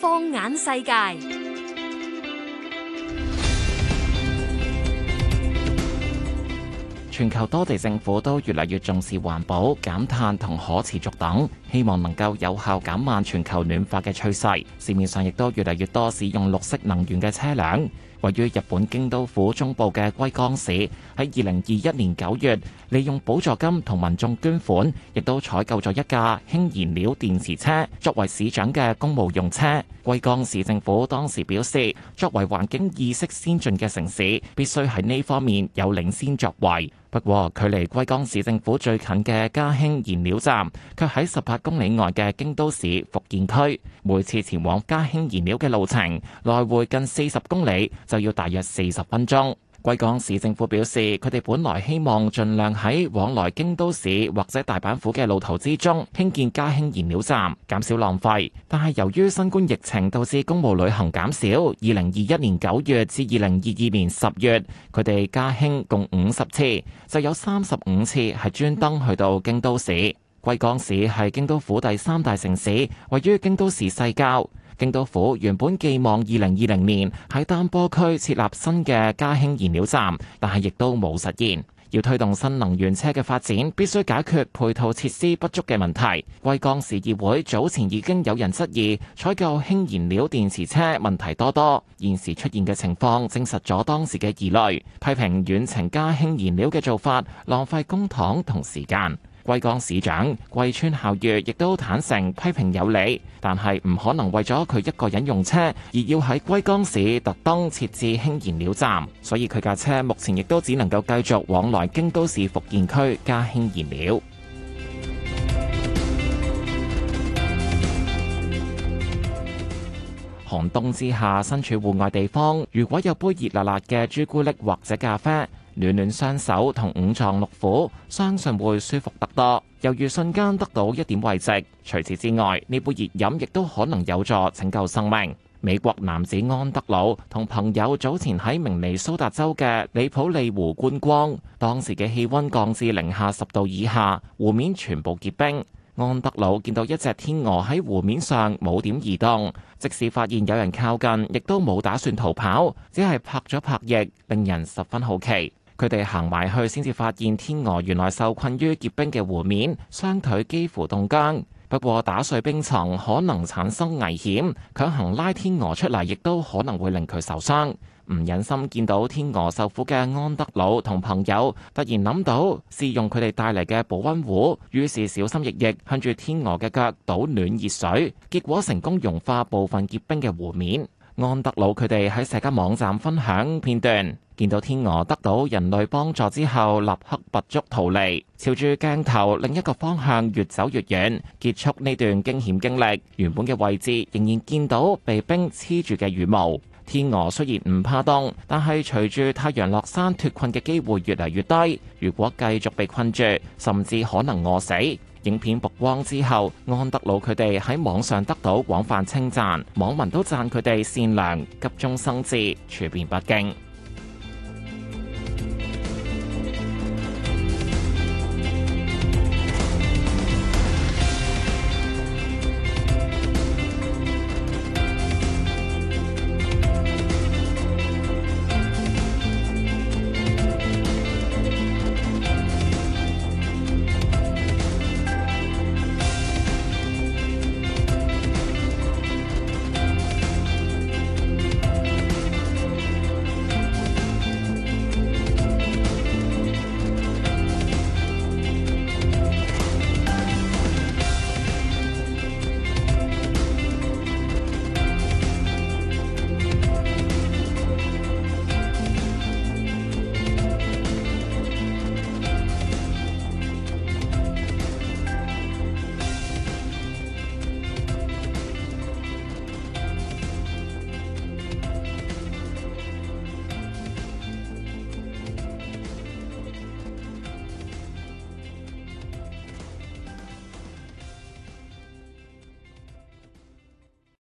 放眼世界，全球多地政府都越嚟越重視環保、減碳同可持續等，希望能夠有效減慢全球暖化嘅趨勢。市面上亦都越嚟越多使用綠色能源嘅車輛。位於日本京都府中部嘅龜岡市喺二零二一年九月，利用補助金同民眾捐款，亦都採購咗一架氫燃料電池車作為市長嘅公務用車。龜岡市政府當時表示，作為環境意識先進嘅城市，必須喺呢方面有領先作為。不過，距離龜岡市政府最近嘅加氫燃料站卻喺十八公里外嘅京都市伏見區，每次前往加氫燃料嘅路程來回近四十公里。就要大約四十分鐘，龜岡市政府表示，佢哋本來希望盡量喺往來京都市或者大阪府嘅路途之中建興建加氫燃料站，減少浪費，但係由於新冠疫情導致公務旅行減少，二零二一年九月至二零二二年十月，佢哋加氫共五十次，就有三十五次係專登去到京都市。龜岡市係京都府第三大城市，位於京都市西郊。京都府原本寄望二零二零年喺丹波區設立新嘅加氫燃料站，但係亦都冇實現，要推動新能源車嘅發展，必須解決配套設施不足嘅問題，貴江市議會早前已經有人質疑採購氫燃料電池車問題多多，現時出現嘅情況證實咗當時嘅疑慮，批評遠程加氫燃料嘅做法浪費公帑同時間。龜岡市長、桂川孝裕亦都坦誠批評有理，但係唔可能為咗佢一個人用車而要喺龜岡市特登設置氫燃料站，所以佢架車目前亦都只能夠繼續往來京都市伏見區加氫燃料。 寒冬之下，身處戶外地方，如果有杯熱辣辣嘅朱古力或者咖啡。暖暖雙手同五臟六腑，相信會舒服得多。猶如瞬間得到一點慰藉。除此之外，呢杯熱飲亦都可能有助拯救生命。美國男子安德魯同朋友早前喺明尼蘇達州嘅利普利湖觀光，當時嘅氣溫降至零下十度以下，湖面全部結冰。安德魯見到一隻天鵝喺湖面上冇點移動，即使發現有人靠近，亦都冇打算逃跑，只係拍咗拍翼，令人十分好奇。佢哋行埋去，先至發現天鵝原來受困於結冰嘅湖面，雙腿幾乎凍僵。不過打碎冰層可能產生危險，強行拉天鵝出嚟，亦都可能會令佢受傷。唔忍心見到天鵝受苦嘅安德魯同朋友突然諗到，試用佢哋帶嚟嘅保溫壺，於是小心翼翼向住天鵝嘅腳倒暖熱水，結果成功融化部分結冰嘅湖面。安德魯佢哋喺社交網站分享片段。見到天鵝得到人類幫助之後，立刻拔足逃離，朝住鏡頭另一個方向越走越遠，結束呢段驚險經歷。原本嘅位置仍然見到被冰黐住嘅羽毛。天鵝雖然唔怕凍，但係隨住太陽落山，脫困嘅機會越嚟越低。如果繼續被困住，甚至可能餓死。影片曝光之後，安德魯佢哋喺網上得到廣泛稱讚，網民都讚佢哋善良、急中生智、處變不驚。